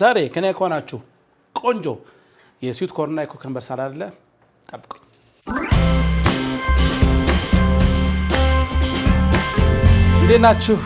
ዛሬ ከኔ ከሆናችሁ ቆንጆ የስዊት ኮርንና የኮከንበር ሳላድ አለ። ጠብቁኝ። እንዴት ናችሁ?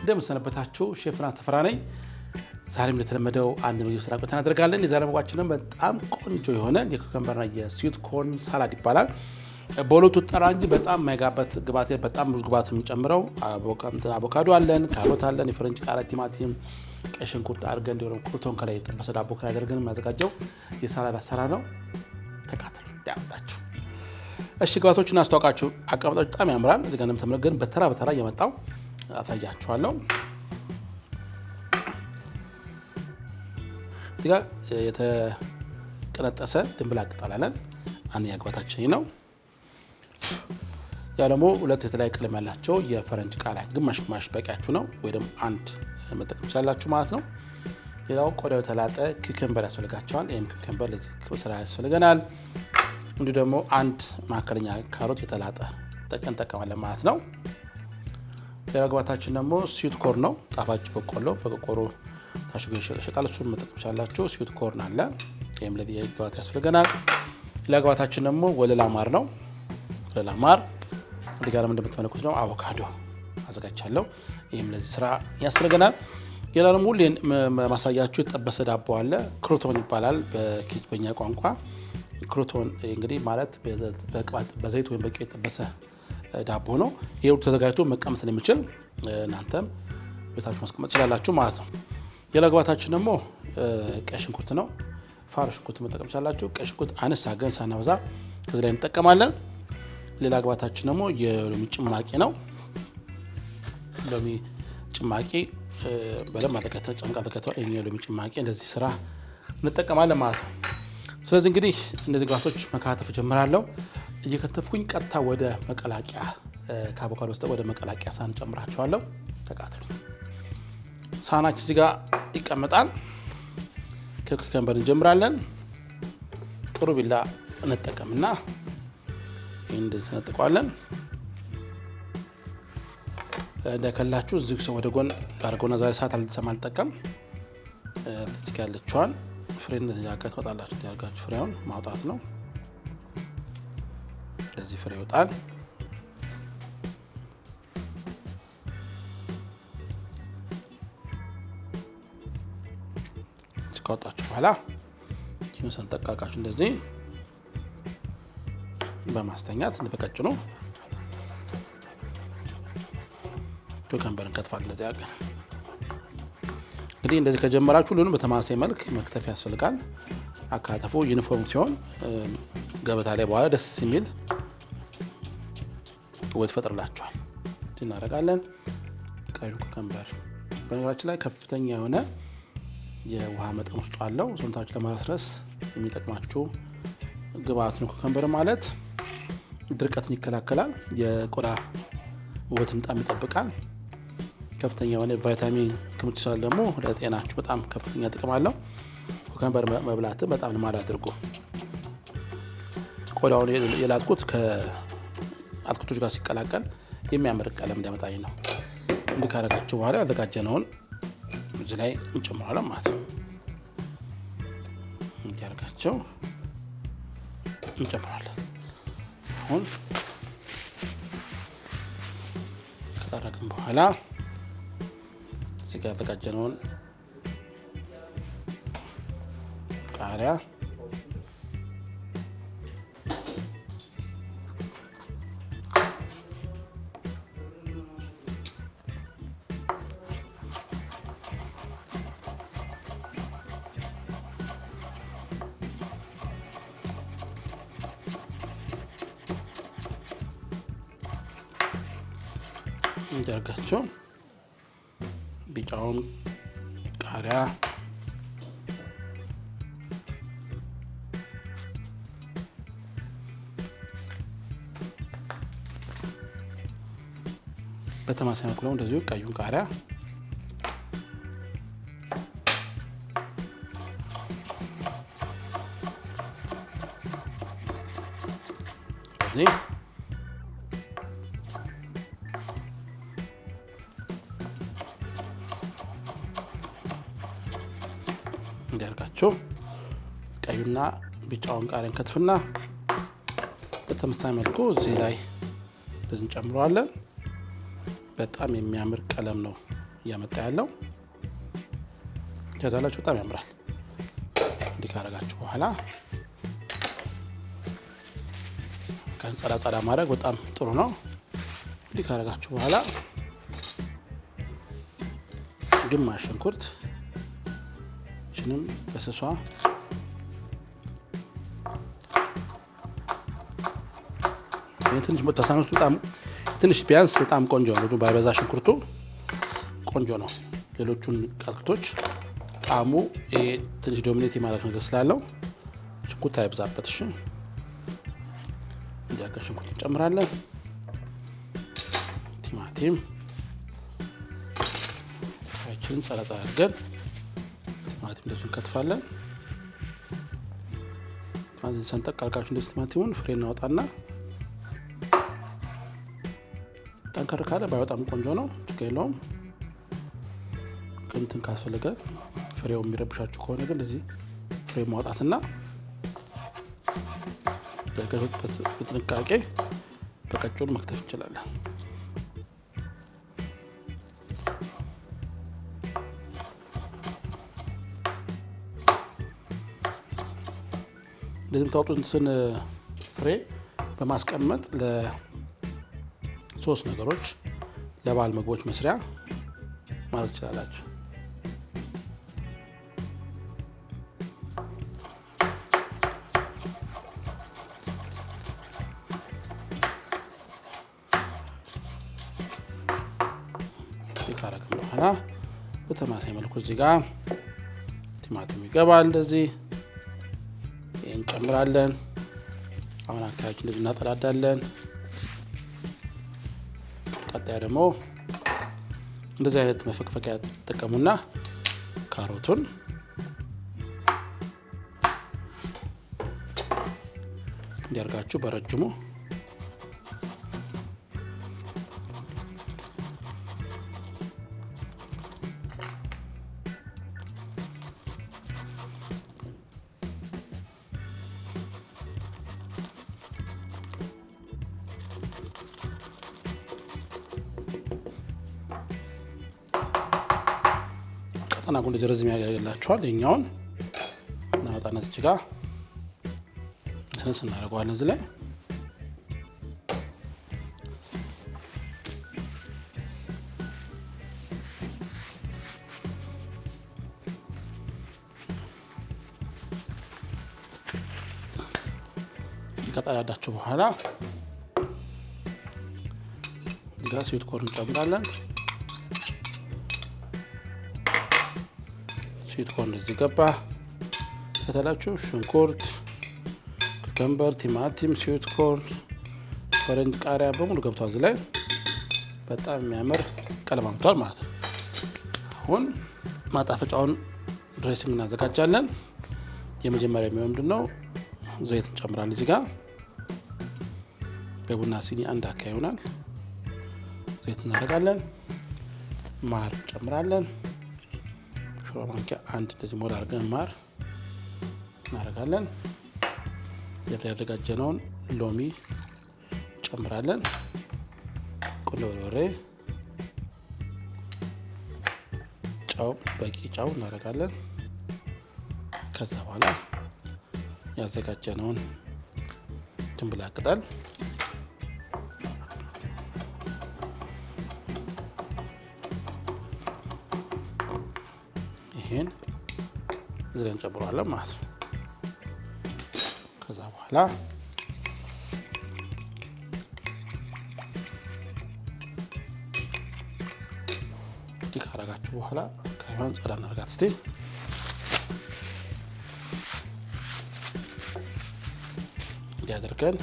እንደምሰነበታችሁ ሼፍ ዮናስ ተፈራ ነኝ። ዛሬም እንደተለመደው አንድ ምግብ ስራ ቆይታ እናደርጋለን። የዛሬ ምግባችንም በጣም ቆንጆ የሆነ የኮከንበርና የስዊት ኮርን ሳላድ ይባላል። በሁለቱ ጠራ እንጂ በጣም የማይጋበት ግባት፣ በጣም ብዙ ግባት የምንጨምረው አቮካዶ አለን፣ ካሮት አለን፣ የፈረንጅ ቃሪያ፣ ቲማቲም ቀይ ሽንኩርት አድርገን እንዲሆነ ቁርቶን ከላይ የጠበሰ ዳቦ ከላይ አድርገን የሚያዘጋጀው የሳላድ አሰራር ነው። ተቃትል ያመጣችሁ። እሺ ግብአቶችን አስተዋውቃችሁ አቀማመጣችሁ በጣም ያምራል። እዚህ ጋር እንደምትመለከቱት ግን በተራ በተራ እየመጣው አሳያችኋለሁ። እዚህ ጋር የተቀነጠሰ ድንብላ ቅጠል አለን። አንደኛ ግብአታችን ነው። ያው ደግሞ ሁለት የተለያየ ቀለም ያላቸው የፈረንጅ ቃሪያ ግማሽ ግማሽ በቂያችሁ ነው፣ ወይ ደግሞ አንድ መጠቀም ትችላላችሁ ማለት ነው። ሌላው ቆዳው የተላጠ ክክንበር ያስፈልጋቸዋል። ይህም ክክንበር ስራ ያስፈልገናል። እንዲሁ ደግሞ አንድ ማካከለኛ ካሮት የተላጠ ጠቀን እንጠቀማለን ማለት ነው። ሌላ ግባታችን ደግሞ ስዊት ኮር ነው። ጣፋጭ በቆሎ በቆቆሮ ታሽጎ ይሸጣል። እሱን መጠቀም ትችላላችሁ። ስዊት ኮርን አለ። ይህም ለዚህ ግባት ያስፈልገናል። ሌላ ግባታችን ደግሞ ወለላ ማር ነው። ወለላ ማር እዚህ ጋር እንደምትመለከቱት ነው አቮካዶ አዘጋጅቻለሁ። ይህም ለዚህ ስራ ያስፈልገናል። ሌላ ደግሞ ማሳያችሁ የጠበሰ ዳቦ አለ። ክሮቶን ይባላል በኛ ቋንቋ። ክሮቶን እንግዲህ ማለት በዘይት ወይም በቄ የጠበሰ ዳቦ ነው። ይህ ሁሉ ተዘጋጅቶ መቀመጥ ስለሚችል እናንተም ቤታችሁ ማስቀመጥ ትችላላችሁ ማለት ነው። ሌላ ግባታችን ደግሞ ቀይ ሽንኩርት ነው። ፋር ሽንኩርት መጠቀም ትችላላችሁ። ቀይ ሽንኩርት አነስ ገን ሳናበዛ ከዚህ ላይ እንጠቀማለን። ሌላ ግባታችን ደግሞ የሎሚ ጭማቂ ነው። ሎሚ ጭማቂ በለም አድርጋ ጨምቃ ተከተ የኛ ሎሚ ጭማቂ እንደዚህ ስራ እንጠቀማለን ማለት ነው። ስለዚህ እንግዲህ እነዚህ ግብአቶች መካተፍ ጀምራለሁ። እየከተፍኩኝ ቀጥታ ወደ መቀላቂያ ከአቮካዶ ውስጥ ወደ መቀላቂያ ሳህን ጨምራቸዋለሁ። ተቃተሉ ሳህናችን እዚህ ጋር ይቀመጣል። ከከንበር እንጀምራለን። ጥሩ ቢላ እንጠቀምና ይህን እንደዚህ ነጥቀዋለን። እንደከላችሁ እዚህ ሰው ወደ ጎን አድርገውና ዛሬ ሰዓት አልተሰማ አልጠቀም ትጅ ያለችዋን ፍሬን እንደተጃገ ትወጣላችሁ። ያርጋችሁ ፍሬውን ማውጣት ነው። ስለዚህ ፍሬ ይወጣል። ካወጣችሁ በኋላ ኪኑ ሰንጠቃቃችሁ እንደዚህ በማስተኛት እንደተቀጭ ነው። ቹከንበር እንከትፋለን። ለዚያ ቀን እንግዲህ እንደዚህ ከጀመራችሁ ሁሉንም በተማሳይ መልክ መክተፍ ያስፈልጋል። አካተፎ ዩኒፎርም ሲሆን ገበታ ላይ በኋላ ደስ የሚል ውበት ይፈጥርላቸዋል። እናደርጋለን ቀዩ ቹከንበር በነገራችን ላይ ከፍተኛ የሆነ የውሃ መጠን ውስጡ አለው። ሰውነታችሁ ለማረስረስ የሚጠቅማችሁ ግብአት ነው። ቹከንበር ማለት ድርቀትን ይከላከላል፣ የቆዳ ውበትን ጣም ይጠብቃል። ከፍተኛ የሆነ ቫይታሚን ክምችት ስላለ ደግሞ ለጤናችሁ በጣም ከፍተኛ ጥቅም አለው። ኩከምበር መብላት በጣም ልማድ አድርጎ ቆዳውን የላጥኩት ከአትክልቶች ጋር ሲቀላቀል የሚያምር ቀለም እንዲያመጣኝ ነው። እንዲህ ካረጋችሁ በኋላ ያዘጋጀነውን እዚ ላይ እንጨምረዋለን ማለት ነው። እንዲያርጋቸው እንጨምረዋለን። አሁን ከጠረግን በኋላ እዚህ ጋር ያዘጋጀነውን ቃሪያ እንዲያርጋቸው ቢጫውን ቃሪያ በተማሳይ መልኩ እንደዚሁ ቀዩን ቃሪያ እዚህ ቢጫውን ቃሪያ ከትፍና በተመሳሳይ መልኩ እዚህ ላይ እንደዚህ እንጨምረዋለን። በጣም የሚያምር ቀለም ነው እያመጣ ያለው ያዛላችሁ፣ በጣም ያምራል። እንዲህ ካረጋችሁ በኋላ ከንጸዳ ጸዳ ማድረግ በጣም ጥሩ ነው። እንዲህ ካረጋችሁ በኋላ ግማሽ ሽንኩርት ሽንም በስሷ ትንሽ ተሳኖሱ በጣም ትንሽ ቢያንስ በጣም ቆንጆ ነው። ባይበዛ ሽንኩርቱ ቆንጆ ነው። ሌሎቹን አትክልቶች ጣዕሙ ትንሽ ዶሚኔት የማድረግ ነገር ስላለው ሽንኩርት አይብዛበት። እሺ፣ እንዲህ አድርገን ሽንኩርት እንጨምራለን። ቲማቲም ችን ጸረጻ አድርገን ቲማቲም ደሱ እንከትፋለን። ሰንጠቅ አድርጋችሁ እንደዚህ ቲማቲሙን ፍሬ እናወጣና ጠንከር ካለ ባይወጣም ቆንጆ ነው፣ ችግር የለውም። ቅንትን ካስፈለገ ፍሬው የሚረብሻችሁ ከሆነ ግን እዚህ ፍሬ ማውጣት ና በጥንቃቄ በቀጭኑ መክተፍ እንችላለን። እንደዚህ የምታወጡትን ፍሬ በማስቀመጥ ሶስት ነገሮች ለባህል ምግቦች መስሪያ ማድረግ ትችላላችሁ። ካረግን በኋላ መልኩ እዚህ ጋር ቲማቲም ይገባል። እንደዚህ ይህን ጨምራለን። አሁን አካባቢችን እንደዚህ እናጠላዳለን። ቀጣይ ደግሞ እንደዚህ አይነት መፈቅፈቂያ ጠቀሙና ካሮቱን እንዲያርጋችሁ በረጅሙ ጠና ጉንድ ረዝም ያደርግላችኋል። የኛውን እናወጣነት እዚህ ጋር ስንስ እናደርገዋለን እዚህ ላይ ከጠዳዳችሁ በኋላ ጋር ስዊት ኮርን እንጨምራለን። ፊትኮ እንደዚህ ገባ ከተላችሁ ሽንኩርት፣ ክከምበር፣ ቲማቲም፣ ስዊት ኮርን፣ ፈረንጅ ቃሪያ በሙሉ ገብቷል። እዚህ ላይ በጣም የሚያምር ቀለም አምቷል ማለት ነው። አሁን ማጣፈጫውን ድሬሲንግ እናዘጋጃለን። የመጀመሪያ የሚሆን ምንድን ነው? ዘይት እንጨምራለን። እዚህ ጋ በቡና ሲኒ አንድ አካ ይሆናል ዘይት እናደርጋለን። ማር እንጨምራለን። ሹሮ አንድ እንደዚህ ሞል አድርገን ማር እናደርጋለን። ያዘጋጀነውን ሎሚ ጨምራለን። ቁንዶ በርበሬ፣ ጨው፣ በቂ ጨው እናደርጋለን። ከዛ በኋላ ያዘጋጀነውን ድንብላ ቅጠል እዚህ እንጨምረዋለን ማለት ነው። ከዛ በኋላ እንዲህ ካረጋችሁ በኋላ ከሃይማን ጸዳ እናርጋት እስቲ እንዲያደርገን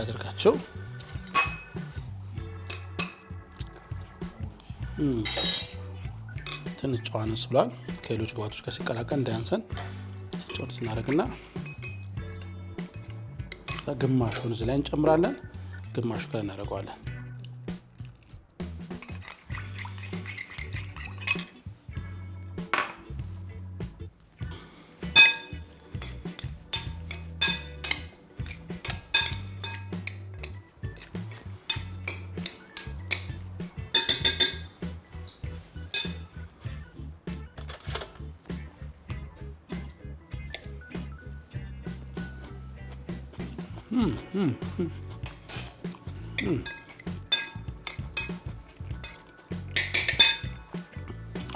ያደርጋቸው አድርጋቸው ትንሽ ጨው ብሏል። ከሌሎች ግባቶች ጋር ሲቀላቀል እንዳያንሰን ጨውት እናደርግና ግማሹን እዚህ ላይ እንጨምራለን፣ ግማሹ ጋር እናደርገዋለን።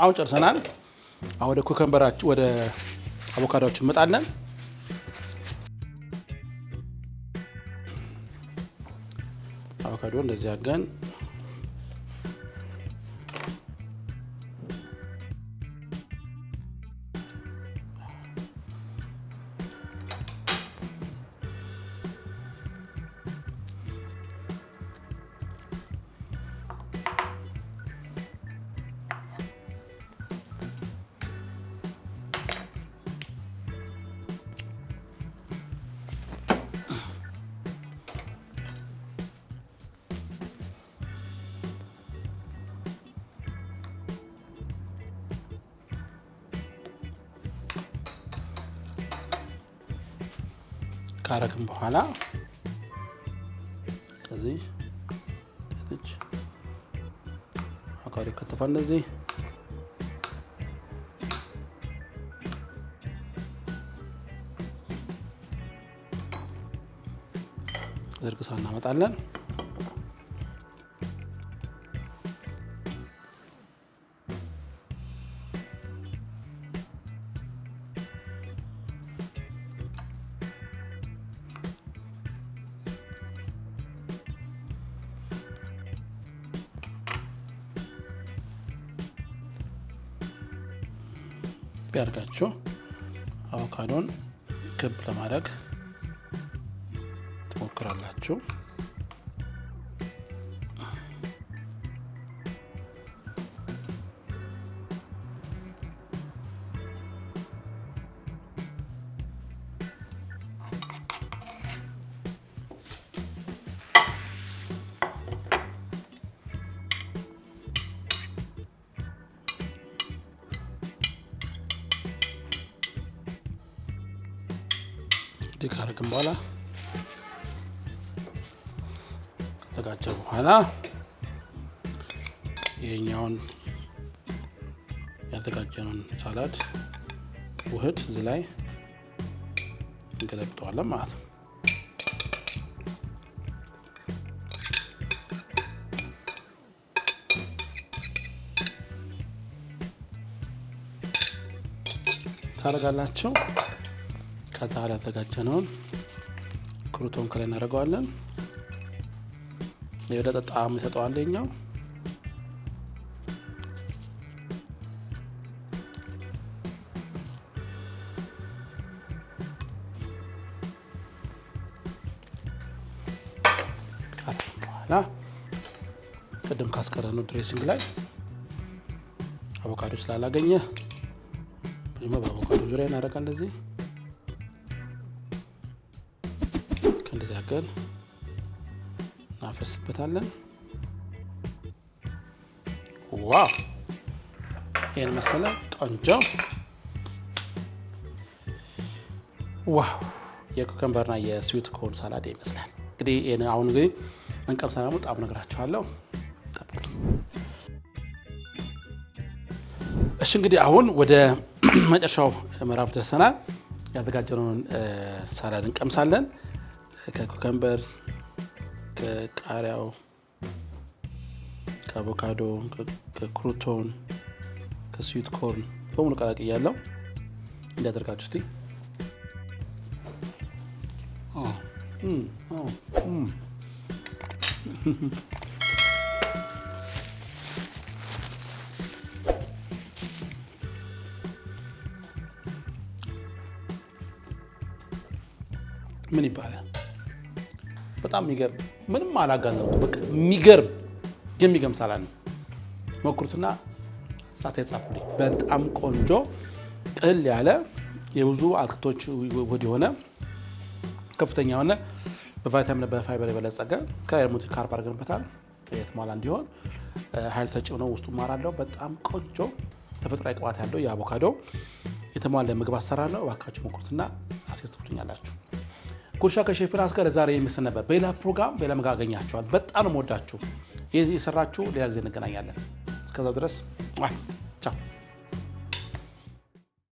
አሁን ጨርሰናል። አሁን ወደ ኮከንበራችን ወደ አቮካዶዎችን እንመጣለን። አቮካዶ እንደዚህ አድርገን ካረክም በኋላ ከዚህ ከትች አካሪ ከተፋ እንደዚህ ዝርግሳ እናመጣለን። ያርጋችሁ አቮካዶን ክብ ለማድረግ ትሞክራላችሁ። እንደዚህ ካረግን በኋላ ከተዘጋጀ በኋላ የኛውን ያዘጋጀነውን ሳላድ ውህድ እዚህ ላይ እንገለብጠዋለን ማለት ነው። ታደርጋላችሁ ከዛ ያዘጋጀነውን ክሩቶን ከላይ እናደርገዋለን። የበለጠ ጣዕም ይሰጠዋል የኛው። በኋላ ቅድም ካስቀረነው ድሬሲንግ ላይ አቮካዶ ስላላገኘ በአቮካዶ ዙሪያ እናደርጋለን እዚህ ያክል እናፈርስበታለን። ዋ ይህን መሰለ ቆንጆ ዋው የኮከምበርና የስዊት ኮን ሳላድ ይመስላል። እንግዲህ አሁን ግን እንቀምሰና ደግሞ ጣም ነግራችኋለሁ። እሺ እንግዲህ አሁን ወደ መጨረሻው ምዕራፍ ደርሰናል። ያዘጋጀነውን ሳላድ እንቀምሳለን። ከኩከምበር፣ ከቃሪያው፣ ከአቮካዶ፣ ከክሩቶን፣ ከስዊት ኮርን በሙሉ እያለው እንዲያደርጋችሁ እስቲ ምን ይባላል? በጣም የሚገርም ምንም አላጋነው በቃ የሚገርም የሚገርም ሳላን ሞክሩትና ሳሳ ጻፉልኝ። በጣም ቆንጆ ቅል ያለ የብዙ አትክልቶች ውህድ የሆነ ከፍተኛ የሆነ በቫይታሚን በፋይበር የበለጸገ ከሙት ካርብ አድርገንበታል። የተሟላ እንዲሆን ኃይል ሰጪ ነው። ውስጡ ማር አለው። በጣም ቆንጆ ተፈጥሯዊ ቅባት ያለው የአቮካዶ የተሟላ ምግብ አሰራር ነው። እባካችሁ ሞክሩትና አሴት ትፍሉኛላችሁ። ጉርሻ ከሼፍ ዮናስ ጋር ዛሬ ነበር። በሌላ ፕሮግራም በሌላ መጋ አገኛቸዋል። በጣም ወዳችሁ የሰራችሁ ሌላ ጊዜ እንገናኛለን። እስከዛው ድረስ ቻው።